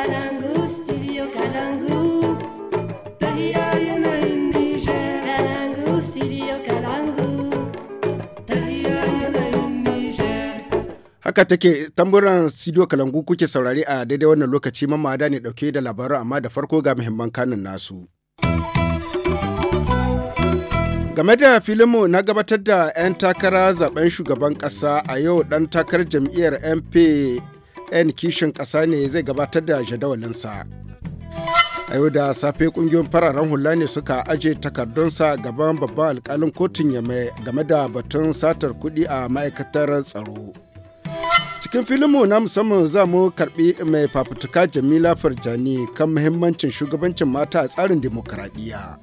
Kalangu, Haka take tamburan studio Kalangu kuke saurari a daidai wannan lokaci mamada ne dauke da labaran amma da farko ga muhimman kanin nasu. game da filinmu na gabatar da 'yan takara zaben shugaban kasa a yau dan takarar jam'iyyar mp 'yan kishin ƙasa ne zai gabatar da jadawalinsa. a yau da safe kungiyoyin fararen hula ne suka aje takardunsa gaban babban alkalin kotun yame game da batun satar kuɗi a ma'aikatar tsaro cikin filinmu na musamman za mu karbi mai fafutuka jamila farjani kan muhimmancin shugabancin mata a tsarin dimokuraɗiyya.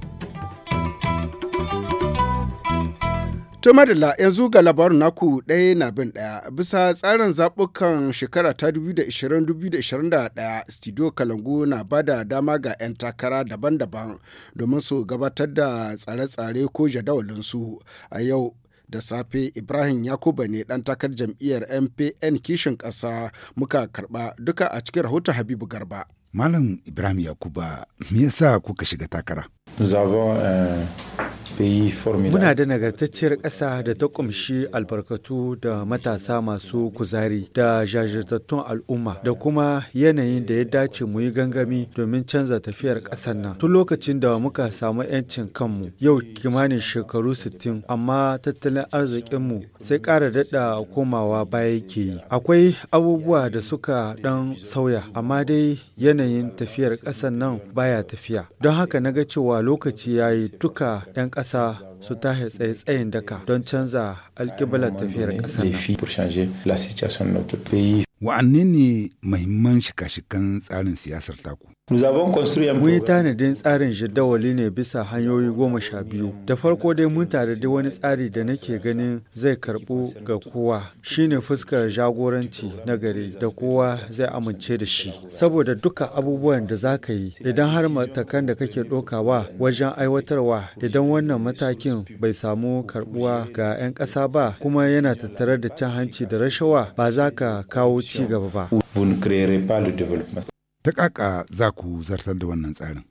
To madalla yanzu ga labarin naku ɗaya na bin ɗaya bisa tsarin zaɓukan shekara ta 2020-2021 studio Kalangu na ba da dama ga 'yan takara daban-daban domin su gabatar da tsare-tsare ko jadawalinsu a yau da safe ibrahim yakuba ne dan takar jam'iyyar mpn kishin ƙasa muka karɓa duka a cikin rahoton habibu garba malam ibrahim yakuba me yasa kuka shiga takara Muna da nagartacciyar ƙasa da ta ƙumshi albarkatu da matasa masu kuzari da jajirtattun al'umma da kuma yanayin da ya dace mu yi gangami domin canza tafiyar ƙasar nan. Tun lokacin da muka samu 'yancin kanmu yau kimanin shekaru sittin, amma tattalin arzikinmu sai ƙara daɗa komawa baya ke yi. Akwai abubuwa da suka ɗan sauya amma dai yanayin tafiyar ƙasar nan baya tafiya. Don haka na ga cewa lokaci ya yi duka 'yan ƙasa ऐसा su tahe tsaye-tsayin daka don canza alƙiblar tafiyar ƙasar nan. Wa'anne ne mahimman shika-shikan tsarin siyasar taku? Mun yi tanadin tsarin jadawali ne bisa hanyoyi goma sha biyu. Da farko dai mun tanadi wani tsari da nake ganin zai karɓu ga kowa shine fuskar jagoranci na gari da kowa zai amince da shi. Saboda duka abubuwan da za ka yi idan har matakan da kake ɗokawa wajen aiwatarwa idan wannan mataki aikin bai samu karbuwa ga 'yan ƙasa ba kuma yana tattare da cin hanci da rashawa ba za ka kawo ci gaba ba. Ta ƙaƙa za ku zartar da wannan tsarin.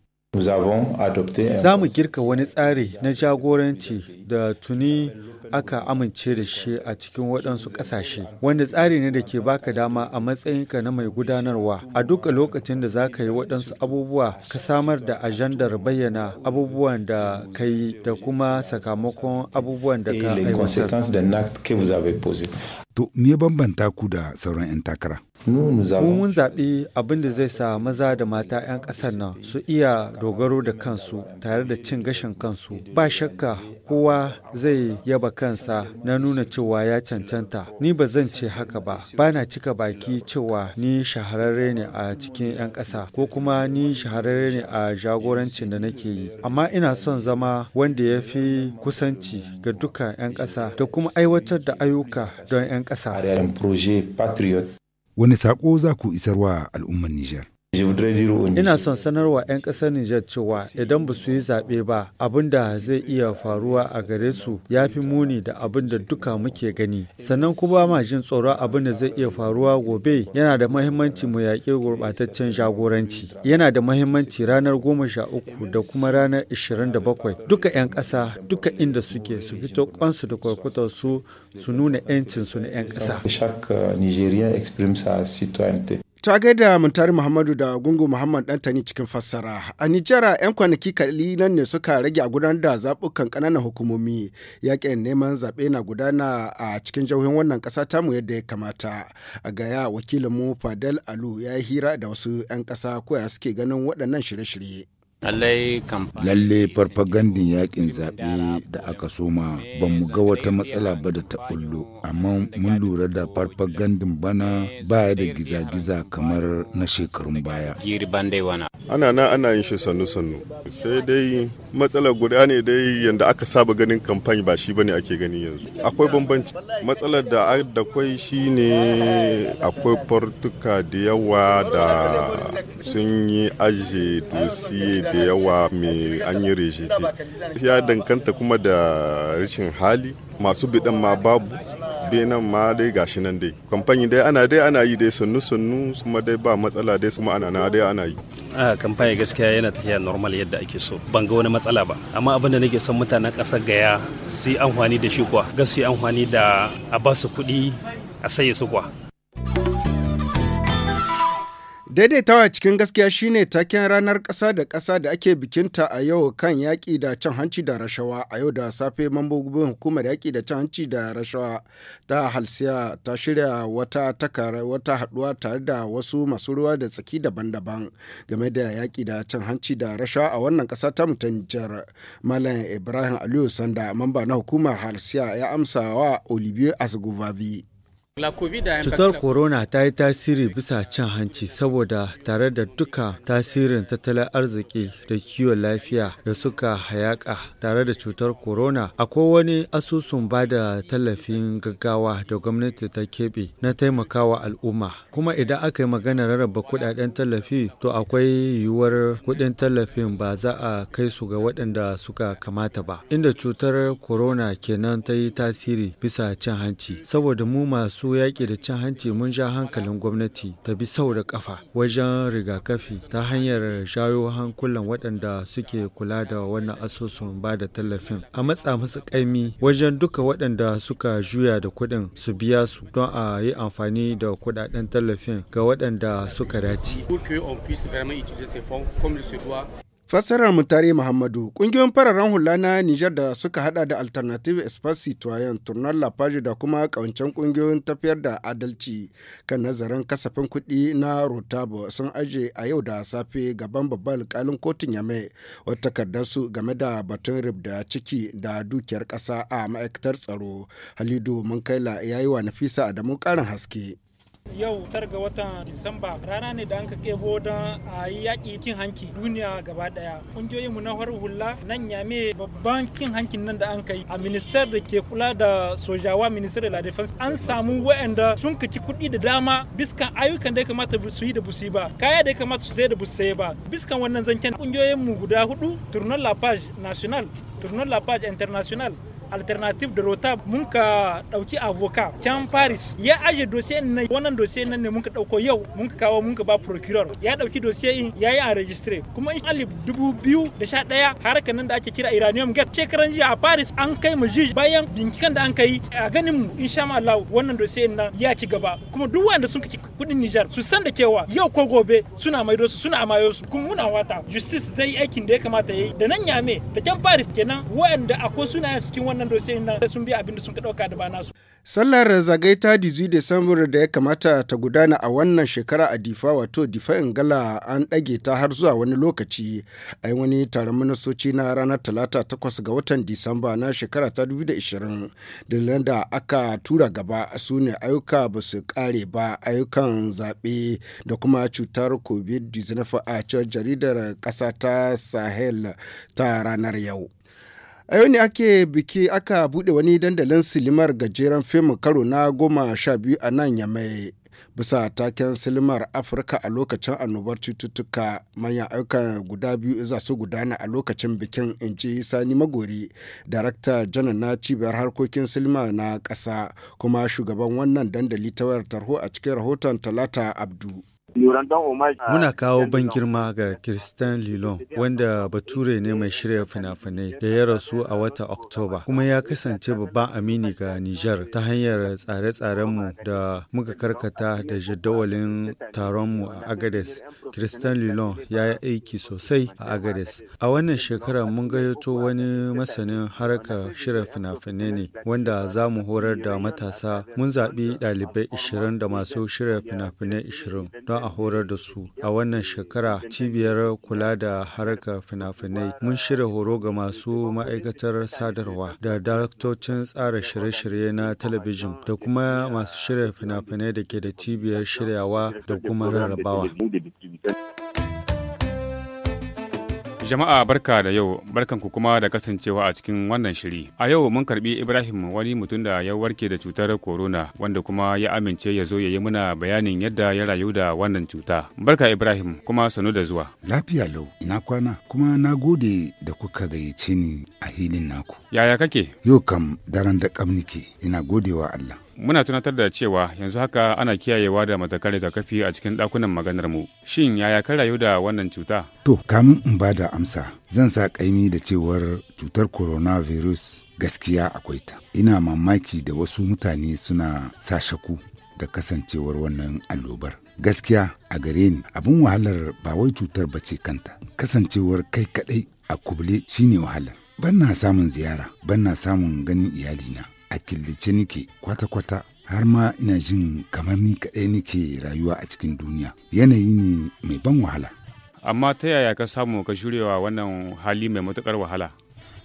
Za mu girka wani tsari na jagoranci da tuni aka amince da shi a cikin waɗansu ƙasashe, wanda tsari ne da ke baka dama a matsayinka na mai gudanarwa a duka lokacin da za ka yi waɗansu abubuwa ka samar da ajandar bayyana abubuwan da ka yi da kuma sakamakon abubuwan da ka To, me bambanta ku da sauran 'yan takara? Mu mun zaɓi abin da zai sa maza da mata 'yan ƙasar nan su iya dogaro da kansu tare da cin gashin kansu. Ba shakka kowa zai yaba kansa na nuna cewa ya cancanta. Ni ba zan ce haka ba. ba na cika baki cewa ni shahararre ne a cikin 'yan ƙasa ko kuma ni shahararre ne a jagorancin da nake yi. Amma ina son zama wanda ya fi kusanci ga duka 'yan ƙasa da kuma aiwatar da ayyuka don 'yan ƙasa. ونساقوزا كو إسروا الأمة النيجر Ina son sanarwa 'yan ƙasar Nijar cewa idan ba su yi zaɓe ba abin da zai iya faruwa a gare su ya fi muni da abin da duka muke gani. Sannan kuma ma jin tsoron abin da zai iya faruwa gobe yana da mahimmanci mu yaƙi gurɓataccen jagoranci. Yana da mahimmanci ranar goma sha uku da kuma ranar ishirin da bakwai. Duka 'yan ƙasa duka inda suke su fito kwansu da kwarkutar su su nuna 'yancinsu na 'yan ƙasa. Chaque Nigérien exprime sa citoyenneté. Ta gaida Muntari Muhammadu da Gungu Muhammad Dantani cikin fassara. A Nijara 'yan kwanaki nan ne suka rage a gudanar da zaɓukan ƙananan hukumomi. Yaƙin neman zaɓe na gudana a cikin jihohin wannan ƙasa tamu yadda ya kamata. A gaya wakilinmu Fadel Alu ya yi hira da wasu 'yan ƙasa koya suke ganin waɗannan shirye-shirye. Lalle farfagandin yakin zaɓe da aka soma ba mu ga wata matsala ba da ta ɓullo, amma mun lura da farfagandin bana baya da giza-giza kamar na shekarun baya. Ana na ana yin shi sannu-sannu, sai dai matsala guda ne dai yadda aka saba ganin kamfani ba shi bane ake gani yanzu. Akwai bambanci, matsalar da akwai shi ne akwai fartuka da yawa da sun yi aje dosiye da yawa mai an yi rejiti ya dankanta kuma da rashin hali masu bidan ma babu benin ma dai gashi nan dai kamfani dai ana dai ana yi dai sunnu sunnu kuma dai ba matsala dai kuma ana na dai ana yi a kamfani gaskiya yana tafiya normal yadda ake so ban ga wani matsala ba amma abin da nake son mutanen kasar gaya su yi amfani da shi kuwa ga su yi amfani da a basu su kuɗi a saye su kuwa Daidaitawa cikin gaskiya shine taken ranar ƙasa da ƙasa da ake bikinta a yau kan yaƙi da cin hanci da rashawa a yau da safe mambobin hukumar yaƙi da cin hanci da rashawa ta halsiya ta shirya wata takara wata haɗuwa tare da wasu masu ruwa da tsaki daban-daban game da yaƙi da cin hanci da rashawa a wannan ƙasa ta ta Malam Ibrahim Aliyu Sanda mamba na hukumar halsiya ya amsa wa Olivier Asgovavi. Cutar corona ta yi tasiri bisa cin hanci saboda tare da duka tasirin tattalin arziki da kiwon lafiya da suka hayaka tare da cutar corona akwai wani asusun ba da tallafin gaggawa da gwamnati ta keɓe na taimakawa al'umma. Kuma idan aka yi magana rarraba kudaden tallafi to akwai yiwuwar kudin tallafin ba za a kai su ga waɗanda suka kamata ba. Inda cutar corona kenan ta yi tasiri bisa cin hanci saboda mu masu masu yaƙi da cin hanci mun ja hankalin gwamnati ta bi sau da kafa wajen rigakafi ta hanyar shayo hankulan waɗanda suke kula da wannan asusun ba da tallafin a matsa musu ƙaimi wajen duka waɗanda suka juya da kuɗin su biya su don a yi amfani da kuɗaɗen tallafin ga waɗanda suka dace. Fassarar Mutare Muhammadu ƙungiyoyin fararen hula na Nijar da suka hada da Alternative Espace Citoyen, Tournal La da kuma ƙawancen ƙungiyoyin tafiyar da adalci kan nazarin kasafin kuɗi na Rotabo sun aje a yau da safe gaban babban alƙalin kotun Yame wata takardarsu game da batun Rib da ciki da dukiyar ƙasa a ma'aikatar tsaro. Halidu Munkaila ya yi wa Nafisa Adamu ƙarin haske. yau tar ga watan disamba rana ne da an ka kebo don a yi yaƙi kin hanki duniya gaba ɗaya ƙungiyoyin mu na har hula nan yame babban kin hankin nan da an kai a minister da ke kula da sojawa minister da la defense an samu wa'anda sun kaki kuɗi da dama biskan ayyukan da ya kamata su yi da busi ba kaya da ya kamata su sai da sai ba biskan wannan zancen ƙungiyoyin mu guda hudu tournoi la page national tournoi la page international alternative da rota mun ka dauki avoka can paris ya aje dosiye na wannan dosiye nan ne mun ka dauko yau mun ka kawo mun ka ba procureur ya dauki dosiye in yayi a registre kuma in alif dubu biyu da sha nan da ake kira iranium gate shekaran jiya a paris an kai mu ji bayan binciken da an kai a ganin mu insha Allah wannan dosiye nan ya ci gaba kuma duk wanda sun kike kudin Niger su san da cewa yau ko gobe suna maido su suna amayo su kuma muna wata justice zai aikin da ya kamata yayi da nan yame da can paris kenan wanda akwai sunayen cikin wannan nan sun bi abin da sun ka dauka da ba nasu sallar zagaita ta december da ya kamata ta gudana a wannan shekara a difa wato difa ingala an ɗage ta har zuwa wani lokaci a wani taron manasoci na ranar talata takwas ga watan disamba na shekara ta 2020 dalilan da aka tura gaba su ne ayyuka ba su kare ba ayyukan zaɓe da kuma cutar covid-19 a cewar jaridar ƙasa ta sahel ta ranar yau A yau ne ake biki aka bude wani dandalin silimar gajeren fim karo na goma sha biyu a nan yamai. Bisa taken silimar Afirka a lokacin annobar cututtuka manyan ayyukan guda biyu za su gudana a lokacin bikin in Sani Magori, Darakta janar na cibiyar harkokin silima na ƙasa kuma shugaban wannan dandali ta wayar tarho a cikin rahoton Talata Abdu. Muna kawo ban girma ga kiristan Lilon wanda bature ne mai shirya fina-finai da ya rasu a wata Oktoba kuma ya kasance babban amini ga Nijar ta hanyar tsare-tsarenmu da muka karkata da jadawalin taronmu a Agades. kiristan Lilon ya yi aiki sosai a Agades. A wannan shekara mun gayyato wani masanin harkar shirya fina-finai ne wanda za mu horar da matasa mun zaɓi ɗalibai 20 da masu shirya fina-finai 20 a horar da su. A wannan shekara cibiyar kula da harkar fina-finai mun shirya horo ga masu ma'aikatar sadarwa da daraktocin tsara shirye-shirye na talabijin da kuma masu shirya fina da ke da cibiyar shiryawa da kuma rarrabawa. Jama'a barka da yau, barkanku kuma da kasancewa a cikin wannan shiri. A yau mun karbi Ibrahim wani mutum da ya warke da cutar corona wanda kuma ya amince ya zo ya yi muna bayanin yadda ya rayu da wannan cuta. Barka Ibrahim kuma sanu da zuwa. Lafiya lau, ina kwana kuma na gode da kuka gayyace ni a hilin naku. Yaya kake? Yau kam daren da kam nike, ina godewa Allah. Muna tunatar da cewa yanzu haka ana kiyayewa da matakan rigakafi a cikin ɗakunan maganar mu. Shin yaya ka rayu da wannan cuta? To, kamin in ba da amsa, zan sa kaimi da cewar cutar coronavirus gaskiya akwai ta. Ina mamaki da wasu mutane suna sa shaku da kasancewar wannan allobar. Gaskiya a gare ni abin wahalar ba wai cutar ba kanta, kasancewar kai kaɗai a kubule shine wahalar. Ban na samun ziyara, ban na samun ganin iyalina. a killace nike kwata-kwata har ma ina jin kamar ni kaɗai nike rayuwa a cikin duniya yanayi ne mai ban wahala amma ta yaya ka samu ka shirya wannan hali mai matuƙar wahala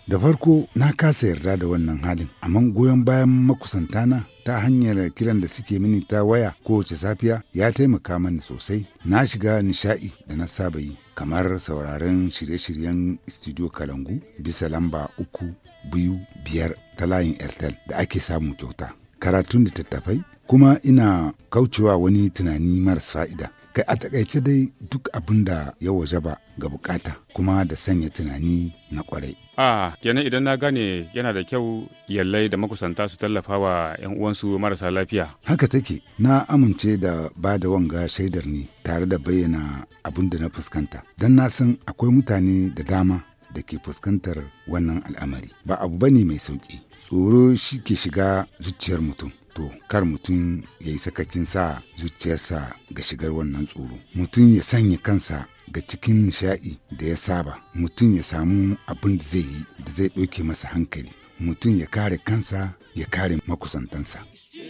da farko na kasa yarda da wannan halin amma goyon bayan makusantana ta hanyar kiran da suke mini ta waya kowace safiya ya taimaka mani sosai na shiga nishaɗi da na saba yi kamar sauraron shirye-shiryen studio kalangu bisa lamba uku biyu biyar ta layin airtel da ake samu kyauta karatun da tattafai kuma ina kaucewa wani tunani maras fa'ida kai a takaice dai duk abin da ya waje ba ga bukata kuma da sanya tunani na kwarai a kenan idan na gane yana da kyau yallai da makusanta su tallafa wa 'yan uwansu marasa lafiya haka take na amince da ba da wanga shaidar ne tare da bayyana abin da na fuskanta don na san akwai mutane da dama da ke fuskantar wannan al'amari ba abu ba ne mai sauƙi tsoro shi ke shiga zuciyar mutum to kar mutum ya yi sakacin sa zuciyarsa ga shigar wannan tsoro mutum ya sanya kansa ga cikin nishaɗi da ya saba mutum ya samu abin da zai yi da zai ɗauke masa hankali mutum ya kare kansa ya kare makusantansa.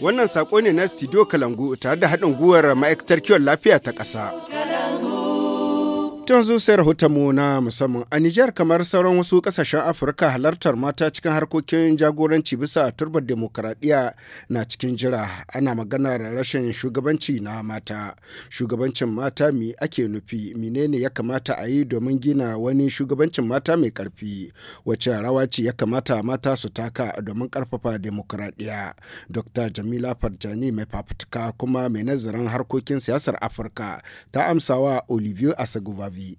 Wannan saƙo ne na Studio Kalangu tare da haɗin gwiwar ma'aikatar kiwon lafiya ta ƙasa. Tun zuciyar mu na musamman a Nijar kamar sauran wasu kasashen Afirka halartar mata cikin harkokin jagoranci bisa turbar demokaradiyya na cikin jira ana maganar rashin shugabanci na mata. Shugabancin mata mi ake nufi menene ya kamata a yi domin gina wani shugabancin mata mai karfi wacce rawa ce ya kamata mata su taka domin karfafa demokaradiyya. Dr. Jamila Farjani mai fafutuka kuma mai nazarin harkokin siyasar Afirka ta amsawa Olivier Asaguba vie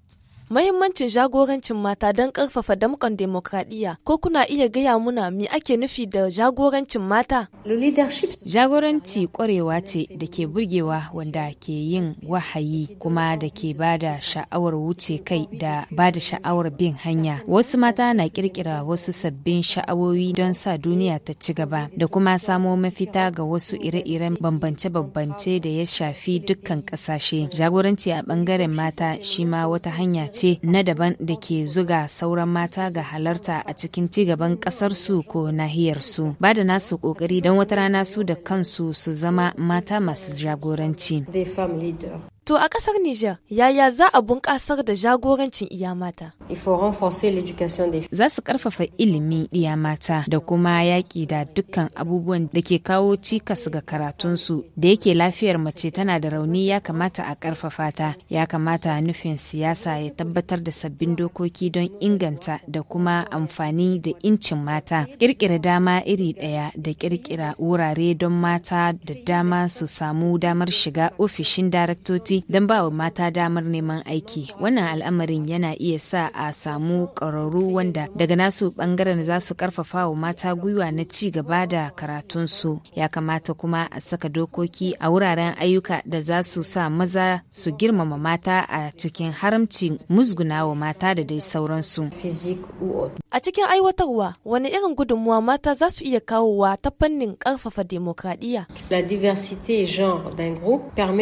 Mahimmancin jagorancin mata don ƙarfafa damkon demokradiyya ko kuna iya gaya muna me ake nufi da jagorancin mata? Jagoranci ƙwarewa ce da ke burgewa wanda ke yin wahayi kuma da ke ba da sha'awar wuce kai da ba da sha'awar bin hanya. Wasu mata na ƙirƙira wasu sabbin sha'awowi don sa duniya ta ci gaba da kuma samo mafita ga wasu ire-iren bambance-bambance da ya shafi dukkan ƙasashe. Jagoranci a bangaren mata shi ma wata hanya ce ce na daban da ke zuga sauran mata ga halarta a cikin cigaban ƙasarsu ko nahiyarsu ba da nasu ƙoƙari don wata rana su da kansu su zama mata masu jagoranci. To a ƙasar Nijar, yaya za a bunƙasar da jagorancin iya mata? Za su ƙarfafa ilimi iya mata da kuma yaƙi da dukkan abubuwan da ke kawo cikas ga karatunsu da yake lafiyar mace tana da rauni ya kamata a ƙarfafa ta. Ya kamata nufin siyasa ya tabbatar da sabbin dokoki don inganta da kuma amfani da incin mata. Ƙirƙira dama iri ɗaya da ƙirƙira wurare don mata da dama su samu damar shiga ofishin daraktoci gwamnati don ba wa mata damar neman aiki. Wannan al'amarin yana iya sa a samu ƙwararru wanda daga nasu ɓangaren za su ƙarfafa wa mata gwiwa na ci gaba da karatunsu. Ya kamata kuma a saka dokoki a wuraren ayyuka da za su sa maza su girmama mata a cikin haramcin wa mata da dai sauransu. A cikin aiwatarwa wani irin gudunmuwa mata za su iya kawowa ta fannin ƙarfafa demokradiyya.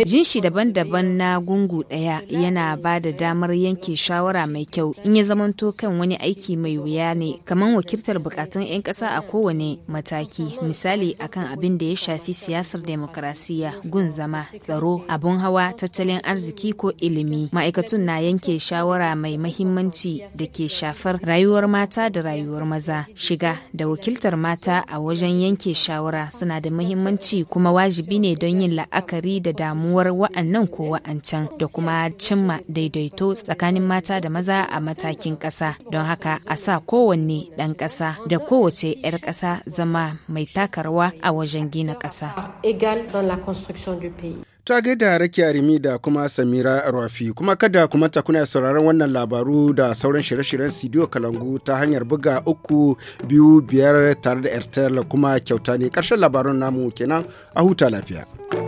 Jinshi daban-daban daban na gungu ɗaya yana ba da damar yanke shawara mai kyau in ya zamanto kan wani aiki mai wuya ne kamar wakiltar bukatun 'yan ƙasa a kowane mataki misali akan abin da ya shafi siyasar demokrasiya gun zama tsaro abun hawa tattalin arziki ko ilimi ma'aikatun na yanke shawara mai mahimmanci da ke shafar rayuwar mata da rayuwar maza shiga da wakiltar mata a wajen yanke shawara suna da mahimmanci kuma wajibi ne don yin la'akari da damuwar wa'annan kowa wa'ancan da kuma cimma daidaito tsakanin mata da maza a matakin ƙasa don haka a sa kowanne ɗan ƙasa da kowace 'yar ƙasa zama mai takarwa a wajen gina ƙasa. ta gaida rake arimi da kuma samira rafi kuma kada kuma ta kuna sauraron wannan labaru da sauran shirye-shiryen studio kalangu ta hanyar buga uku biyu biyar tare da airtel kuma kyauta ne ƙarshen labarun namu kenan a huta lafiya.